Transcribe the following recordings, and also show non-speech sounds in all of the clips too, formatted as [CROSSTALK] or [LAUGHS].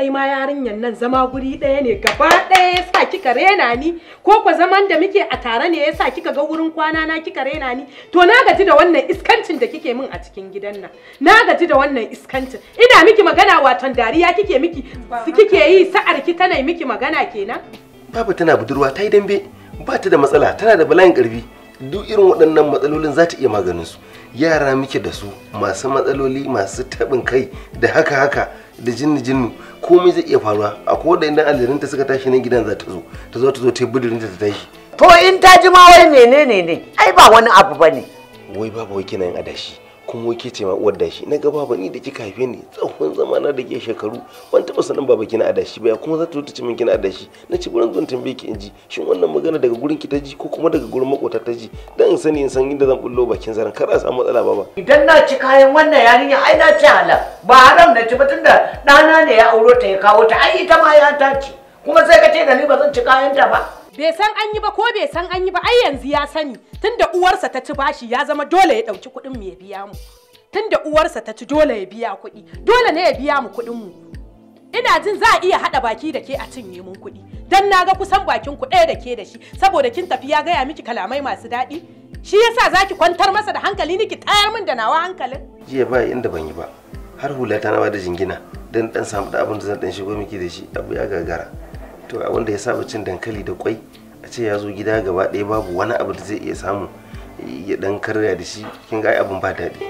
lallai ma yarinyar nan zama guri ɗaya ne gaba ɗaya ya sa kika rena ni ko ko zaman da muke a tare ne ya sa kika ga wurin kwana na kika rena ni to na gaji da wannan iskancin da kike min a cikin gidan nan na gaji da wannan iskancin ina miki magana waton dariya kike miki kike yi sa'ar ki tana miki magana kenan babu tana budurwa ta yi dambe ba ta da matsala tana da bala'in karfi duk irin waɗannan matsalolin za ta iya maganin su yara muke da su masu matsaloli masu taɓin kai da haka haka da jinni jinnu komai zai iya faruwa a akwai da idan ta suka tashi nan gidan za ta zo ta zo ta zo ta budurinta ta tashi to in ta ji ma wai menene ne ai ba wani abu bane wai babu wai kina yin adashi kuma ke ce ma uwar dashi na gaba ba ni da kika haife ni tsawon zamana da ke shekaru ban taba sanin baba kina adashi ba kuma za ta zo ta min kina adashi na ci gurin zuwan tambaye ki in ji shin wannan magana daga gurin ki ta ji ko kuma daga gurin makota ta ji dan in sani in san inda zan bullo bakin zaran kar a samu matsala ba. idan na ci kayan wannan yarinya ai na ci hala ba haram na ci ba tunda ɗana ne ya auro ta ya kawo ta ai ita ma ya ta ci kuma sai ka ce da ni ba zan ci kayan ta ba bai san an yi ba ko bai san an yi ba ai yanzu ya sani tunda uwarsa ta ci bashi ya zama dole ya dauki kuɗin mu ya biya mu tunda uwarsa ta ci dole ya biya kuɗi dole ne ya biya mu kuɗin mu ina jin za a iya haɗa baki da ke a cinye mun kuɗi dan na ga kusan bakin ku ɗaya da ke da shi saboda kin tafi ya gaya miki kalamai masu daɗi shi yasa za ki kwantar masa da hankali niki ki tayar min da nawa hankalin jiya ba inda ban yi ba har hula ta ba da jingina dan dan samu da abin da zan dan shigo miki da shi abu ya gagara to wanda ya saba cin dankali da kwai a ce ya zo gida gaba ɗaya babu wani abu da zai iya samu ya dan karya da shi kin ga abin ba daɗi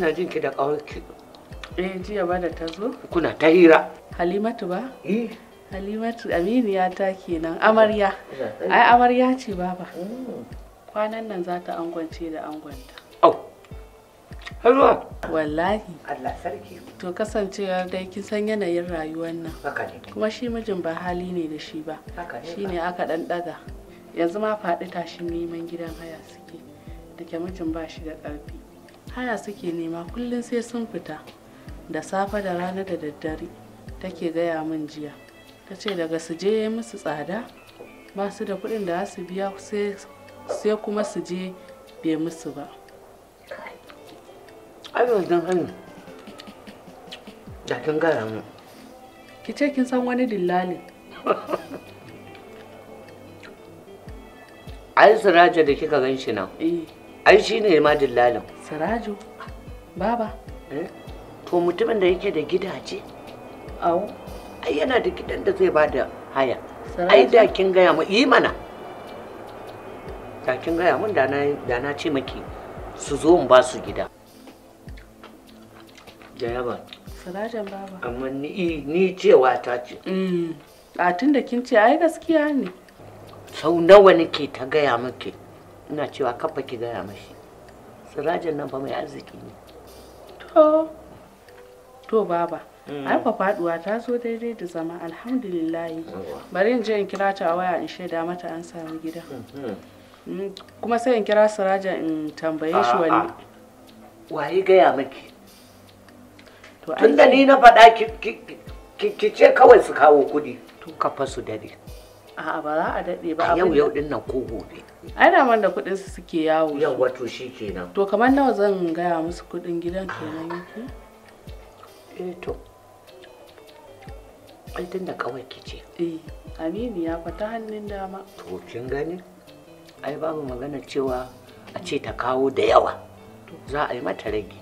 kina jin ki da ƙawarki eh jiya ba da ta zo kuna ta hira halimatu ba eh halimatu aminiya ta kenan amarya ai amarya ce baba mm. kwanan nan za ta angwance da angwanta. au wallahi allah sarki to kasancewar dai kin san yanayin rayuwar nan kuma shi mijin ba hali ne da shi ba shine aka dan daga yanzu ma faɗi tashin neman gidan haya suke da ke mijin ba shi da ƙarfi haya suke nema kullum sai sun fita da safe da rana da daddare take gaya min jiya ta ce daga su je musu tsada ba su da kuɗin da su biya sai kuma su je bai musu ba abin don hannu da kin gaya mu ki ce kin san wani dillalin ai siraja da kika gan shi nan eh. ai shi ne ma dillalin Siraju, baba. Eh? To mutumin da yake da gidaje? Au. Ai yana da gidan da zai bada haya. Ai da kin gaya mu yi mana. Da kin gaya mun da na da na ce miki su zo mu ba su gida. Jayaba. Sirajan baba. Amma ni ni cewa ta ce. Mm. A tun da kin ce ai gaskiya ne. Sau nawa nake ta gaya miki? Ina cewa kafa ki gaya mashi. sirajin nan fa mai arziki ne to to baba hmm. ai fa faduwa ta zo daidai da zama alhamdulillah bari in je in kira ta a waya in shaida mata an samu gida hmm. Hmm, kuma sai in kira sirajin in tambaye shi wani waye gaya miki tun da ni na faɗa ki ce kawai su kawo kudi tun kafa su dare A'a ba za a daɗe ba. A Yau yau ɗin nan kogo gobe. Ai da man da kuɗin su suke yawo. Yau wato shi kenan. To kamar nawa zan gaya musu kuɗin gidan ah. kenan yake? Eh to. Ai tun da kawai kice. Eh. Aminu ya fata hannun dama. To kin gani? Ai babu magana cewa a ce ta kawo da yawa. Za a yi mata rage.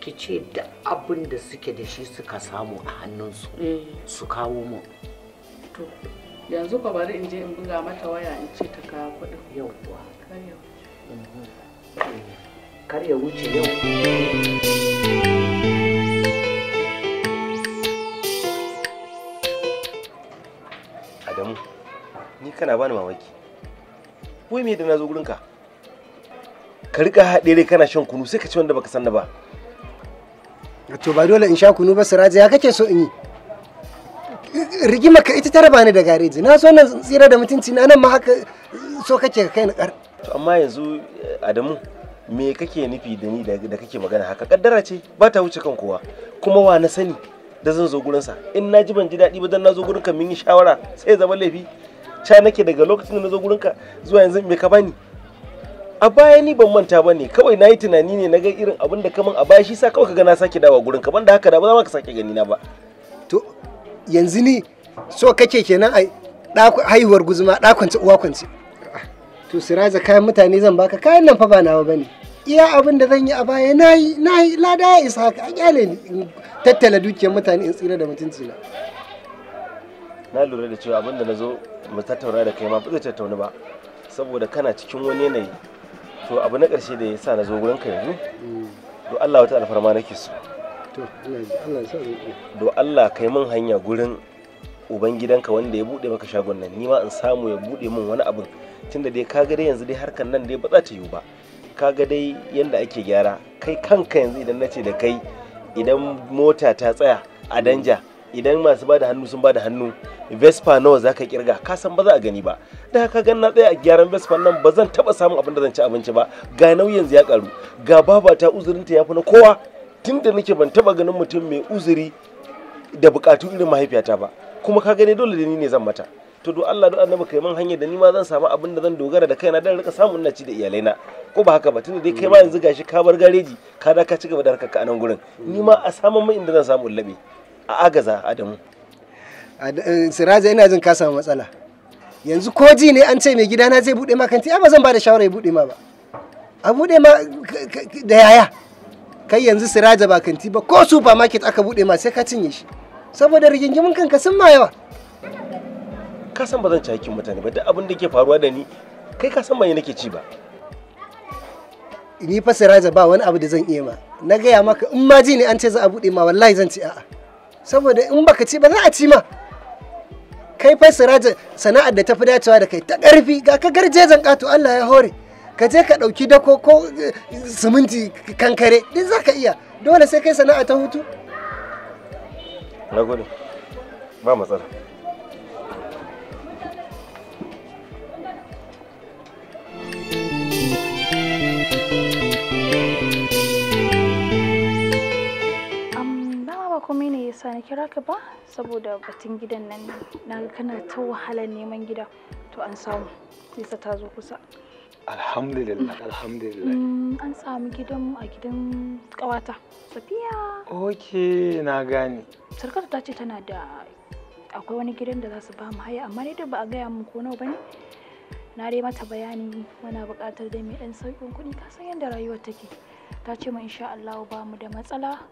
Ki ce da abin da suke da shi suka samu a hannunsu eh. su kawo mu. To. yanzu ka bari in je in buga mata waya in ce ta kawo kuɗin yau kuwa kar ya wuce yau adamu ni kana bani mamaki wai me da na zo gurinka ka rika haɗere kana shan kunu sai ka ci wanda baka san ba to ba dole in sha kunu ba siraje ya kake so in yi rigima ka ita ta rabani da gareji na so nan tsira da mutunci na nan ma haka so kake ka kai ni kar to amma yanzu Adamu me kake nufi da ni da kake magana haka kaddara ce ba ta wuce kan kowa kuma wa na sani da zan zo gurinsa in na ji ban ji daɗi ba dan na zo gurinka mun yi shawara sai zama laifi ca nake daga lokacin da na zo gurinka zuwa yanzu me ka bani a baya ni ban manta ba kawai na yi tunani ne na ga irin abin da kaman a baya shi sa kawai ka ga na sake dawa ka banda haka da ba za ma ka sake gani na ba to yanzu ni so kake kenan a haihuwar guzuma ɗakwance uwa kwance to siraza kayan mutane zan baka kayan nan fa ba nawa bane iya abin da zan yi a baya na yi na yi lada ya isa haka a kyale ni tattala dukiyar mutane in tsira da mutunci na na lura da cewa abin da na zo mu tattauna da kai ma ba zai tattauna ba saboda kana cikin wani yanayi to abu na ƙarshe da ya sa na zo gurin ka yanzu do Allah wata alfarma nake so to Allah ya sa do Allah kai min hanya gurin ubangidanka wanda ya bude maka shagon nan nima in samu ya bude min wani abin tunda dai kaga dai yanzu dai harkan nan dai ba za ta yiwu ba kaga dai yanda ake gyara kai kanka yanzu idan nace da kai idan mota ta tsaya a danja idan masu ba da hannu sun ba da hannu vespa nawa zaka kirga ka san ba za a gani ba da haka gan na tsaya a gyaran vespa nan ba zan taba samun abin da zan ci abinci ba ga nauyin yanzu ya karu ga babata uzurinta ya fi na kowa tunda nake ban taba ganin mutum mai uzuri da bukatu irin mahaifiyata ba kuma ka gani dole da ni ne zan mata to do Allah do annabi kai man hanyar da ni ma zan samu abin da zan dogara da kaina dan rika samun na ci da iyalaina ko ba haka ba tunda dai kai ma yanzu gashi ka bar gareji ka da ka ci gaba da harkar ka nan gurin ni ma a samun mai inda zan samu labe a agaza Adamu eh, Siraja ina jin ka samu matsala yanzu ko ji ne an ce mai gidana zai bude ma kanti ba zan ba da shawara ya bude ma ba a bude ma da yaya kai yanzu Siraja ba kanti ba ko supermarket aka bude ma sai ka cinye shi saboda rigingimin kanka sun ma yawa ka san ba zan ci hakkin mutane ba duk abin da ke faruwa da ni kai ka san ba nake ci ba ni fa siraja ba wani abu da zan iya ma na gaya maka in ma ji ne an ce za a bude ma wallahi zan ci a'a saboda in baka ci ba za a ci ma kai fa siraja sana'ar da ta fi dacewa da kai ta ƙarfi ga ka zan kato Allah ya hore ka je ka ɗauki dako ko eh, siminti kankare duk za ka iya dole sai kai sana'a ta hutu na gode ba matsala komai ne na kira ka ba saboda batun gidan nan na kana ta wahalar neman gida to an samu nisa ta zo kusa Alhamdulillah, mm. alhamdulillah. Mm, an samu gidanmu a gidan ƙawata. Safiya. Ok, na gane. Sarkar ta ce tana da akwai wani gidan da za su ba mu haya amma dai da ba a gaya mu ko nawa bane. Na dai mata bayani muna buƙatar dai mai ɗan sauƙin kuɗi ka san yadda rayuwar take. Ta ce mu insha Allah ba mu da matsala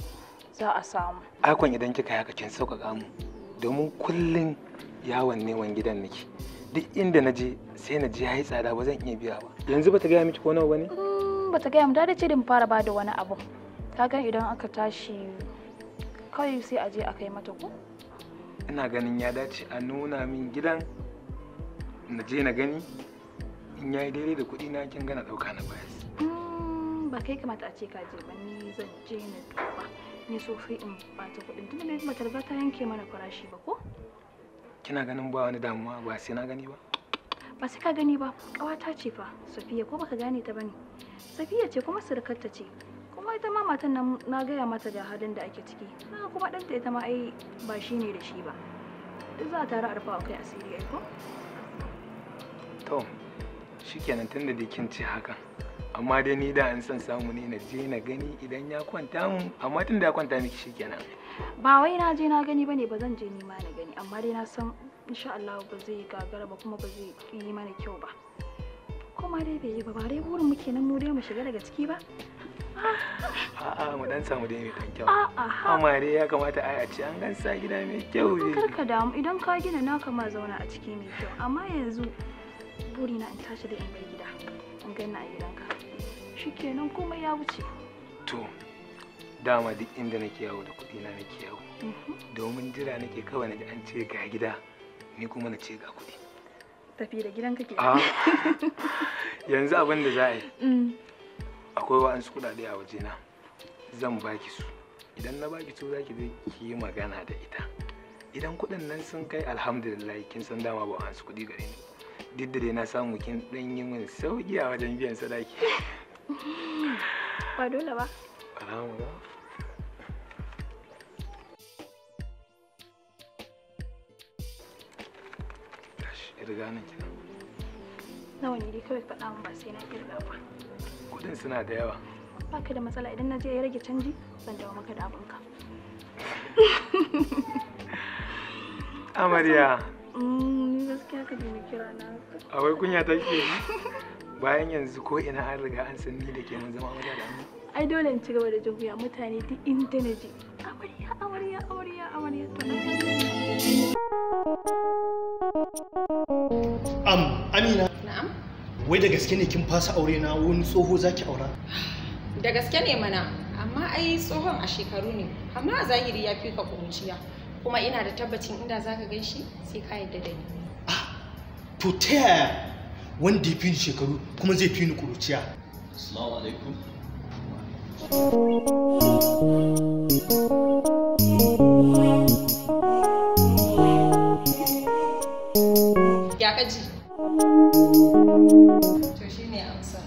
za a samu. Akon idan kika haka kin sauƙaƙa mu domin kullum yawon neman gidan nake. duk inda na je sai na je ya yi tsada ba zan iya biya ba yanzu ba ta gaya miki ko nawa ba ne mm, ba ta gaya mu da ce da mu fara bada wani abu gan idan aka tashi kawai sai a je a kai mata ko ina ganin ya dace a nuna min gidan na je na gani in yayi daidai da kuɗi na kin gana ɗauka na baya mm, ba kai kamata a ce ka je ba ni zan je na duba ni so sai in bata kuɗin tunda ne mata ta yanke mana farashi ba ko kina ganin ba wani damuwa ba sai na gani ba ba sai ka gani ba kawata ce fa safiya ko baka gane ta bane safiya ce kuma surukarta ce kuma ita ma matan nan na gaya mata da halin da ake ciki haka kuma ɗanta ita ma ai ba shi ne da shi ba duk za a tare a rufa kai asiri ai ko to shikenan tunda da kin ce hakan amma dai ni da an san samu ne na je na gani idan ya kwanta mu amma tunda ya kwanta miki shikenan ba wai na je na gani bane ba zan je ni ma na gani amma dai na san insha Allah ba zai gagara ba kuma ba zai yi mana kyau ba kuma dai bai yi ba ba dai burin muke nan mu dai mu shiga daga ciki ba a'a mu dan samu dai mai dan kyau a'a amma dai ya kamata ai a ce an gansa gida mai kyau ne kar ka damu idan ka gina naka ma zauna a ciki mai kyau amma yanzu burina in tashi da in bar gida an ganna a gidanka shikenan komai ya wuce to dama duk inda nake yawo da kuɗi na nake yawo mhm. domin jira nake kawai na ji an ce ga gida ni kuma na ce ga kuɗi tafi da gidan kake ah. yanzu abin da za a yi mm. akwai wa'ansu kuɗaɗe a waje na zan baki su idan na baki su zaki je ki yi magana da ita idan kuɗin nan sun kai alhamdulillah kin san dama ba wa'ansu kuɗi gare ni duk da dai na samu kin ɗan yi min sauki a wajen biyan sadaki [LAUGHS] ba dole ba Alhamdulillah. kirga nan kina. nawa ne dai kawai faɗa min ba sai na kirga ba kuɗin suna da yawa baka da matsala idan na je ya rage canji zan dawo maka da abin ka. [LAUGHS] amarya mm, Ni gaskiya ka kira na. Akwai kunya ta ke bayan yanzu ko ina an riga an san ni da ke mun zama amarya da ai dole in ci gaba da jin mutane duk inda na je amarya amarya amarya amarya to Am, Amina. Na'am. Wai da gaske ne kin fasa aure na wani tsoho zaki aura? Da gaske ne mana, amma ai tsohon a shekaru ne, amma a zahiri ya fi ka kuruciya. Kuma ina da tabbacin inda za ka gaishe sai ka yadda da ni. Ah, to ta yaya wanda ya fi ni shekaru kuma zai fi ni kuruciya? Assalamu alaikum. to ne amsa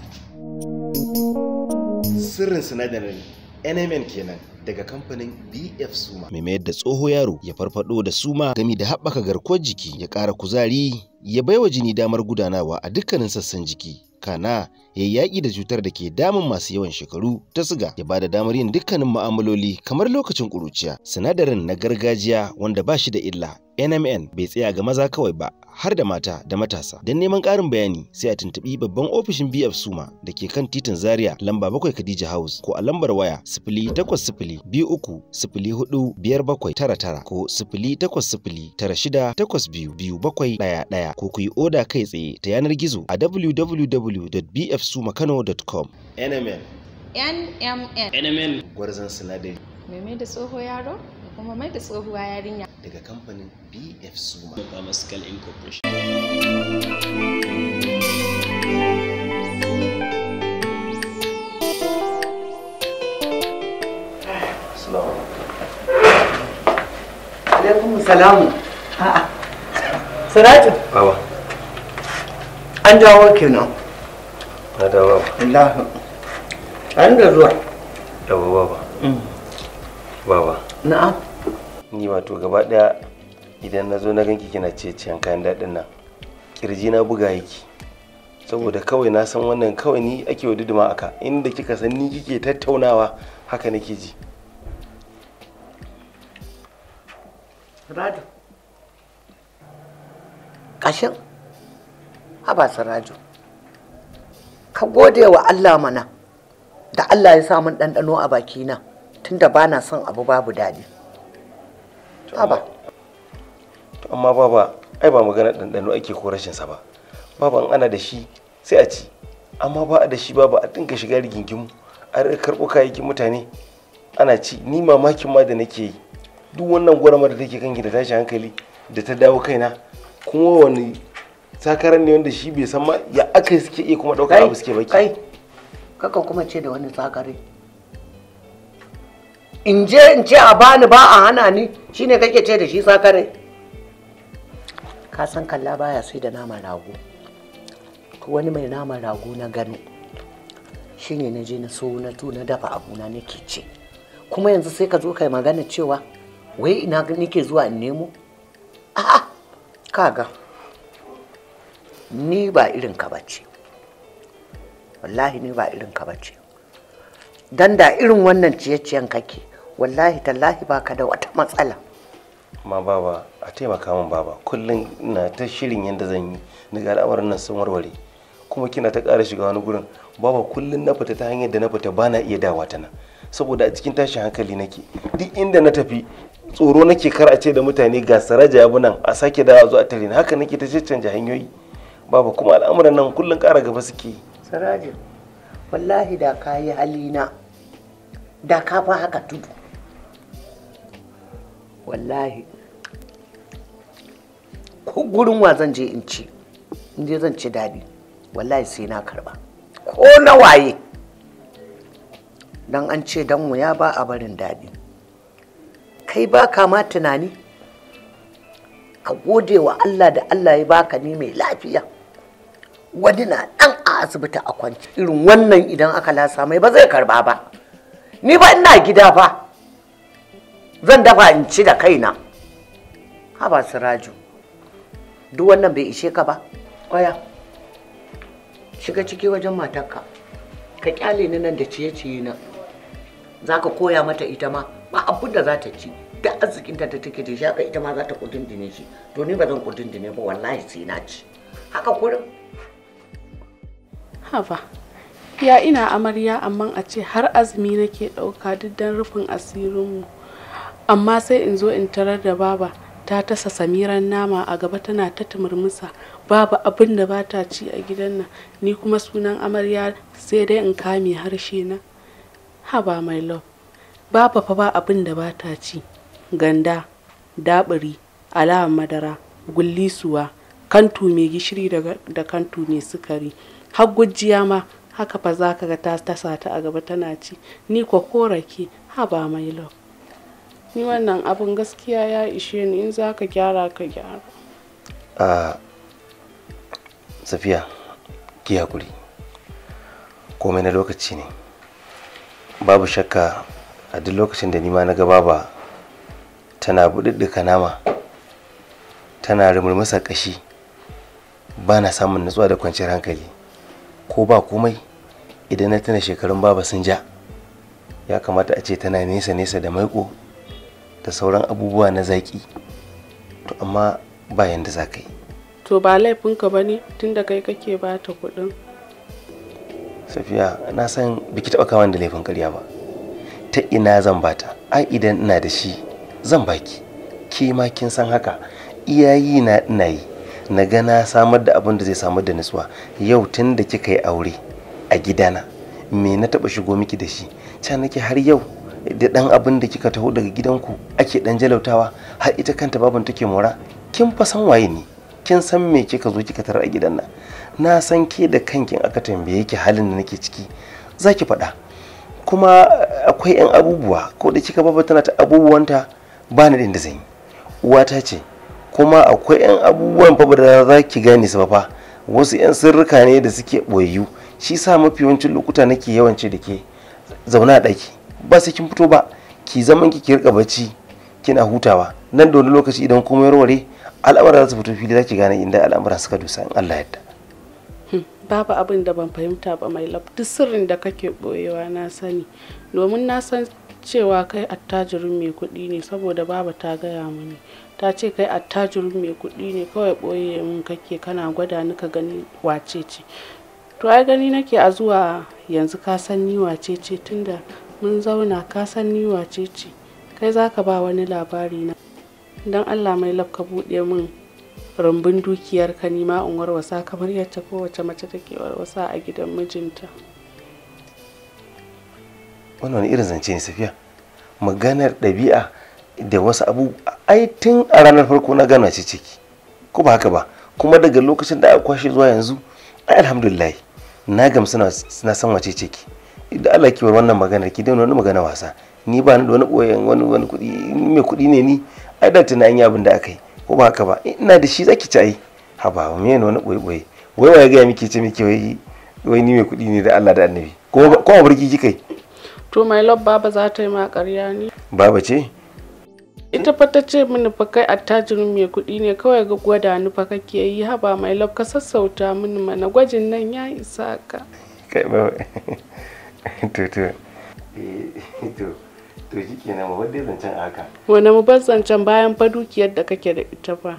sirrin sinadarin NMN kenan daga kamfanin BF Suma. Mai mayar da tsoho yaro ya farfado da suma gami da haɓaka garkuwar jiki ya ƙara kuzari ya baiwa jini damar gudanawa a dukkanin sassan jiki. Kana ya yi yaƙi da cutar da ke damun masu yawan shekaru ta siga ya bada damar yin dukkanin ma'amaloli kamar lokacin ƙuruciya. Sinadarin na gargajiya wanda ba shi da illa NMN bai tsaya ga maza kawai ba har da mata da matasa. Don neman ƙarin bayani sai a tuntuɓi babban ofishin BF Suma da ke kan titin Zaria lamba bakwai Khadija House ko a lambar waya sifili takwas biyu uku hudu biyar ko sifili ko ku yi oda kai tsaye ta yanar gizo a www.bfsumakano.com. NMN. NMN. NMN. Gwarzan sinadari. Meme da tsoho yaro? kuma mai da tsohuwa yarinya daga kamfanin bf suma pharmaceutical incorporation salamu a'a saratu baba an dawo kenan na dawo Allahu an da zuwa yawa baba mm. baba na'am ni wato gaba daya idan na zo na ganki kina ciye kayan daɗin nan kirji na buga yake saboda kawai na san wannan kawai ni ake waduduma aka inda kika san ni kike tattaunawa haka nake ji rado ƙashin habasa rado ka gode wa allah mana da allah ya samun ɗanɗano a bakina tunda ba na son abu babu daɗi Aba. To amma baba ai ba magana ɗanɗano ake ko rashin sa ba. Baba ana da shi sai a ci. Amma ba a da shi baba a dinka shiga rigingimu a karɓo kayayyakin mutane ana ci ni mamakin ma da nake yi. Duk wannan gwarama da take kan da tashi hankali da ta dawo kaina kuma wani sakaran ne wanda shi bai san ma ya aka suke iya kuma ɗaukar abu suke baki. Kai, kakan kuma ce da wani sakare. in je in ce a bani ba a hana ni shine kake ce da shi sakare ka san kalla baya sai da naman rago to wani mai naman rago na gano shine na je na so na tu na dafa abuna nake ce kuma yanzu sai ka zo kai magana cewa wai ina nake zuwa in nemo a'a kaga ni ba irin ka bace wallahi ni ba irin ka bace dan da irin wannan ciye-ciyen kake wallahi tallahi baka da wata matsala amma baba a taimaka min baba kullum na ta shirin yadda zan yi daga al'amarin nan sun warware kuma kina ta ƙara shiga wani gurin baba kullum na fita ta hanyar da na fita ba na iya dawa ta nan saboda a cikin tashin hankali nake duk inda na tafi tsoro nake kar a ce da mutane ga saraja abu nan a sake dawa zuwa a tare haka nake ta canja hanyoyi baba kuma al'amuran nan kullum ƙara gaba suke saraja wallahi da ka yi halina da ka fa haka tudu wallahi ko gurin wa zan je in ci in je zan ci daɗi wallahi sai na karba ko na waye dan an ce dan ya ba a barin daɗi kai ba ka ma tunani ka gode wa Allah da Allah ya baka ni mai lafiya wani na dan a asibiti a kwanci irin wannan idan aka lasa mai ba zai karba ba ni ba ina gida ba zan dafa in ci da kaina haba siraju duk wannan bai ishe ka ba kwaya shiga ciki wajen matarka ka kyale ni nan da ciye-ciye na za ka koya mata ita ma ba abin da za ta ci da arzikinta ta take da shaka ita ma za ta kudin shi to ni ba zan kudin ba wallahi sai na ci haka kurin haba ya ina amarya amma a ce har azumi nake ɗauka duk dan rufin asirinmu amma sai in zo in tarar da baba ta tasa samiran nama a gaba tana ta tumurmusa babu abin da bata ci a gidan nan ni kuma sunan amarya sai dai in kame harshe na haba my love baba fa ba abin da bata ci ganda dabiri alawan madara gullisuwa kantu mai gishiri da kantu mai sukari har gujiya ma haka fa za ka ga ta tasa ta a gaba tana ci ni ko korake haba my love ni wannan abin gaskiya ya ishe ni in za ka gyara ka gyara a safiya ki hakuri komai na lokaci ne babu shakka a duk lokacin da nima na ga baba tana buɗuɗɗuka nama tana rumurmusa ƙashi ba na samun natsuwa da kwanciyar hankali ko ba komai idan na tuna shekarun baba sun ja ya kamata a ce tana nesa nesa da maiko da sauran abubuwa na zaƙi to amma ba yanda za ka yi to ba laifinka ba ne tun da kai kake ba ta kuɗin safiya na san biki taɓa kawan da laifin ƙarya ba ta ina zan bata ai idan ina da shi zan baki ke ma kin san haka iyayi na ina yi na ga na samar da abin da zai samar da nutsuwa yau tun da kika yi aure a gidana me na taɓa shigo miki da shi can nake har yau da dan abin da kika taho daga gidanku ake dan jalautawa har ita kanta baban take mora kin fa san waye ni kin san me kika zo kika tarar a gidan nan na san ke da kankin aka tambaye ki halin da nake ciki zaki faɗa kuma akwai yan abubuwa ko da kika baba tana ta abubuwanta ba ni da zan yi uwata ce kuma akwai yan abubuwan fa da za ki gane su fa wasu yan sirrika ne da suke boyayyu shi sa mafi yawancin lokuta nake yawance da ke zauna a ɗaki ba sai kin fito ba ki zaman ki ki rika bacci kina hutawa nan da wani lokaci idan kuma ya warware al'amura za su fito fili za ki gane inda al'amura suka dusa in Allah yadda hmm, babu abin da ban fahimta ba mai lab duk sirrin da kake boyewa na sani domin na san cewa kai attajirin mai kuɗi ne saboda baba ta gaya mini ta ce kai attajirin mai kuɗi ne kawai ɓoye mun kake kana gwada ni ka gani wace ce to ai gani nake a zuwa yanzu ka san ni wace ce tunda mun zauna ka san ni wace ce kai za ka ba wani labari na don allah mai labka buɗe min rumbun dukiyar ka nima in warwasa kamar yadda kowace mace take warwasa a gidan mijinta wannan irin zance ne safiya maganar ɗabi'a da wasu abu ai tun a ranar farko na gana ce ciki ko ba haka ba kuma daga lokacin da aka kwashe zuwa yanzu alhamdulillah na gamsu na san wace ciki idan Allah ki bar wannan magana ki dai wani magana wasa ni ba ni da wani boyen wani wani kuɗi mai kuɗi ne ni ai da tunanin abin da aka yi ko ba haka ba ina da shi zaki ci ai ha ba me ne wani boye boye wai wai ga miki ce miki wai wai ni mai kuɗi ne da Allah da Annabi ko ko burki kikai to my love baba za ta yi ma ƙarya ni. baba ce ita fa ta ce mini fa kai attajirin mai kuɗi ne kawai ga gwada ni fa kake yi haba mai lab ka sassauta mini mana gwajin nan ya isa ka [LAUGHS] [LAUGHS] to to eh, [LAUGHS] to to shi kenan mu dai zancen haka wani zancen bayan fa da kake da ita fa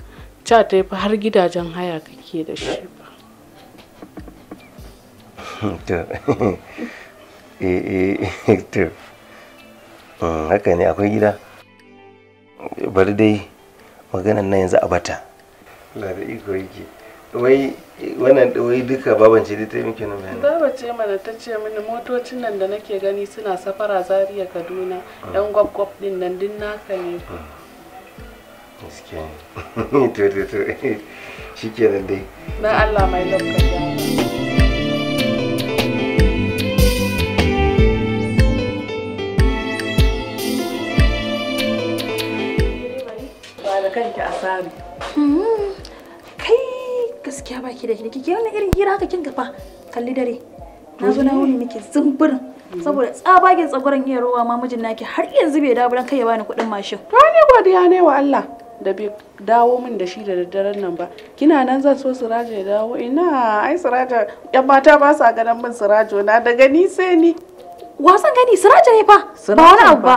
ca ta har gidajen haya kake da shi eh? [LAUGHS] to eh eh to hmm, haka ne akwai gida bari dai maganan nan yanzu a bata la da iko yake wai wannan duka babance dai ta ce mana ta ce mini motocin nan da nake gani suna safara zaria kaduna yan gwab din nan din naka ne [LAUGHS] shikenan dai na allah mai lokaci da kanki a sari. Mm-hmm. Kai gaskiya baki da kike wani irin hira haka kin gaba kalli dare. na zo na wuni miki zumburin saboda tsabagen tsagoran iya rowa ma mijin naki har yanzu bai dawo kai ya bani kuɗin mashin to ni godiya ne wa Allah da bai dawo min da shi da daddaren nan ba kina nan zan so sirajo ya dawo ina ai sirajo yan mata ba sa ganin min sirajo na daga ni sai ni wasan gani sirajo ne fa ba wani abu ba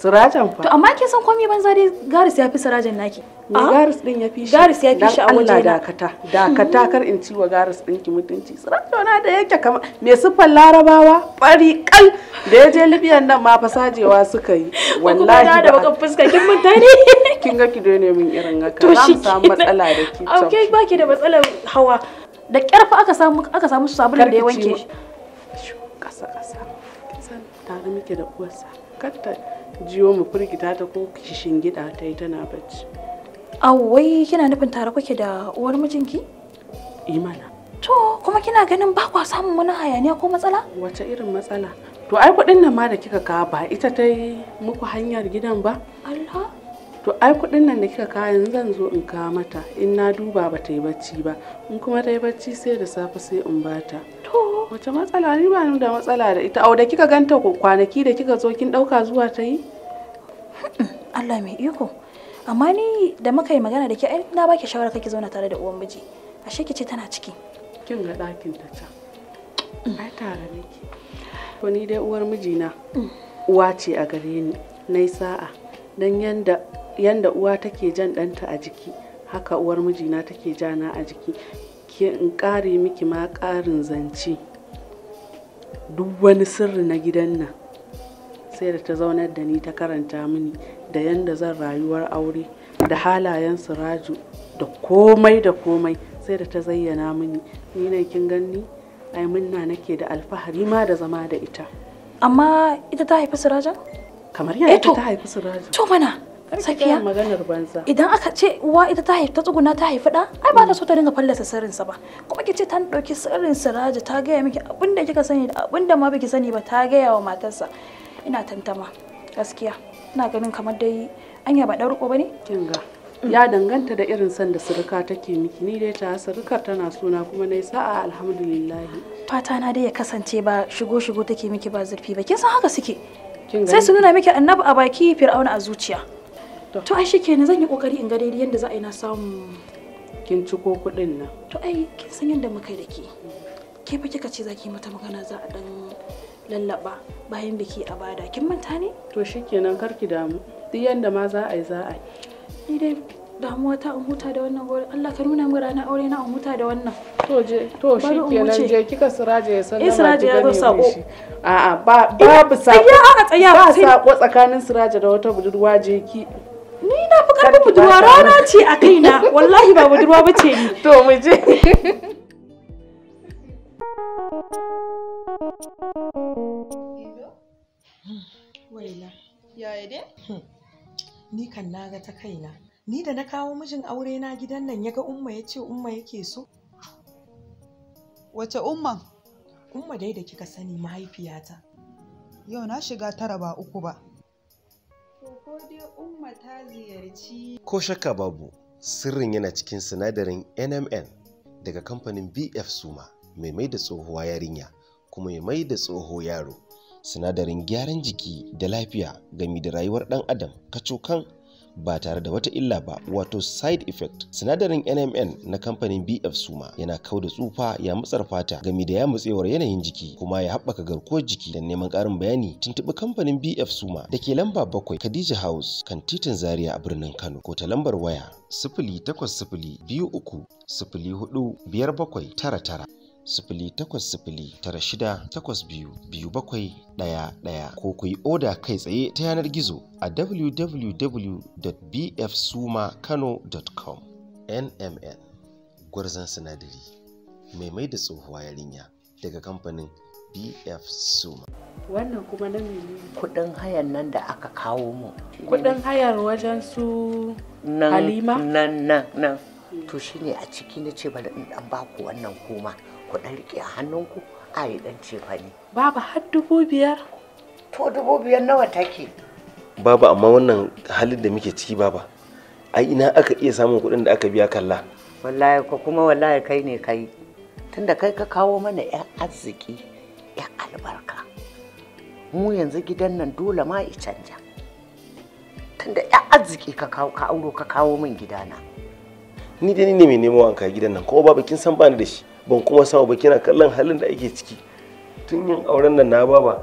Sirajan fa. To amma ke san komai ban zari Garis ya fi sirajan naki. Me ah? Garis din ya fi shi? Garis ya fi shi a waje Allah dakata. Dakata kar in ciwa Garis din ki mutunci. na da yake kama me sifan Larabawa fari kal da ya je Libyan nan ma fasajewa suka yi. [LAUGHS] Wallahi. Kuma da bakan fuska kin mun tare. [LAUGHS] Kin ga ki dole min irin haka. za mu samu matsala da ki. Okay ki da matsalar hawa. Da ƙarfa aka samu aka samu sabulun da ya wanke Kasa Kasa kasa. tare muke da uwarsa. Kattar. jiwo mu firgita ta ko kishin gida ta yi tana bacci wai kina nufin tare kuke da uwar mijinki imana eh, to kuma kina ganin ba kwa samun wani hayaniya ko matsala wace irin matsala to ai kuɗin nan ma da kika kawo ba ita ta yi muku hanyar gidan ba Allah to ai kuɗin nan da kika kawo yanzu zan zo in kawo mata in na duba ba ta yi bacci ba in kuma ta yi bacci sai da safe sai in bata To, matsala ni ba da matsala da ita. Au da kika ganta ko kwanaki da kika zo kin dauka zuwa ta yi? Allah mai iko. Amma ni da muka yi magana da ke ai na baki shawara kake zauna tare da uwan miji. Ashe kice tana ciki. Kin ga ɗakin ta ta? Ai tare ki To ni dai uwar mijina. Uwa ce a gare ni. Nai sa'a. Dan yanda yanda uwa take jan ɗanta a jiki haka uwar mijina take jana a jiki ke in ƙare miki ma ƙarin zance duk wani sirri na gidan nan sai da ta zaunar da ni ta karanta mini da yadda zan rayuwar aure da halayen siraju da komai da komai sai da ta zayyana mini ni ne kin ganni ai munna nake da alfahari ma da zama da ita amma ita ta haifi sirajan kamar yadda eh ta haifi sirajan to mana safiya idan aka ce uwa ita ta haifi ta tsuguna ta haifi da ai ba ta so ta dinga fallasa sirrinsa ba kuma ki ce ta dauki sirrin siraja ta gaya miki abin da kika sani da abin da ma biki sani ba ta gaya wa matarsa ina tantama gaskiya ina ganin kamar dai anya ba dan ruko bane kinga ya danganta da irin son da surika take miki ni dai ta surukar tana suna kuma nayi sa'a alhamdulillah fata na dai ya kasance ba shigo shigo take miki ba zurfi ba kin san haka suke sai su nuna miki annabi a baki fir'auna a zuciya to ai shikenan zan yi kokari in ga daidai yadda za a yi na samu kin ciko kuɗin nan to ai kin san yadda muka da ke ke fa kika ce za ki mata magana za a dan lallaba bayan biki a bada kin manta ne to shikenan kar ki damu duk yadda ma za a yi za a yi ni dai damuwa ta in huta da wannan gore Allah ka nuna min ranar aure na in huta da wannan to je to shikenan je kika siraje ya sallama eh, siraje ya zo sako a'a ba babu eh, sako ba sako tsakanin siraje da wata budurwa je ki ni na fi ƙarfin budurwa rana ce a kaina wallahi ba budurwa ba ce ni to mu je waila yaya dai ni kan naga ta kaina ni da na kawo mijin aure na gidan nan ya ga umma ya ce umma yake so wace umman umma dai da kika sani mahaifiyata yau na shiga tara ba uku ba ko ziyarci ko shakka babu sirrin yana cikin sinadarin nmn daga kamfanin bf suma mai mai da tsohuwa yarinya kuma mai mai da tsoho yaro sinadarin gyaran jiki da lafiya gami da rayuwar ɗan adam kacokan ba tare da wata illa ba wato side effect sinadarin NMN na kamfanin BF Suma yana kau da tsufa ya matsar fata gami da ya mutsewar yanayin jiki kuma ya haɓaka garkuwar jiki don neman ƙarin bayani tuntuɓi kamfanin BF Suma da ke lamba bakwai Khadija House kan titin Zaria a birnin Kano ko ta lambar waya sifili takwas sifili biyu uku sifili hudu biyar bakwai tara tara sifili takwas sifili tara shida takwas biyu biyu bakwai ɗaya ɗaya ko ku yi oda kai tsaye ta yanar gizo a www.bfsumakano.com nmn gwarzon sinadari mai mai da tsohuwa yarinya daga kamfanin bf suma wannan kuma na kudin hayan nan da aka kawo mu kudin hayar wajen su halima nan nan nan to shine a ciki na ce bari in dan baku wannan kuma kuɗin ɗan riƙe a hannunku a yi ɗan ne. Baba har dubu biyar. To dubu biyar nawa take? Baba amma wannan halin da muke ciki baba. Ai ina aka iya samun kuɗin da aka biya kalla. Wallahi ko kuma wallahi kai ne kai. Tunda kai ka kawo mana 'yan arziki 'yan albarka. Mu yanzu gidan nan dole ma i canja. Tunda 'yan arziki ka kawo ka auro ka kawo min gidana. Ni da ni ne mai nemo wanka gidan nan ko babu kin san bani da shi. ban kuma samu ba kina kallon halin da ake ciki tun yin auren nan na baba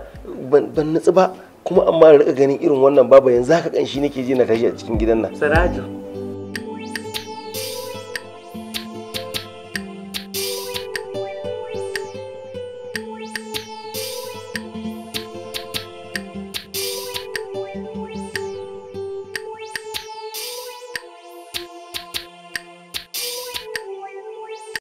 ban nutsu ba kuma amma rika ganin irin wannan baba yanzu haka kanshi nake ji na tashi a cikin gidan nan sarajo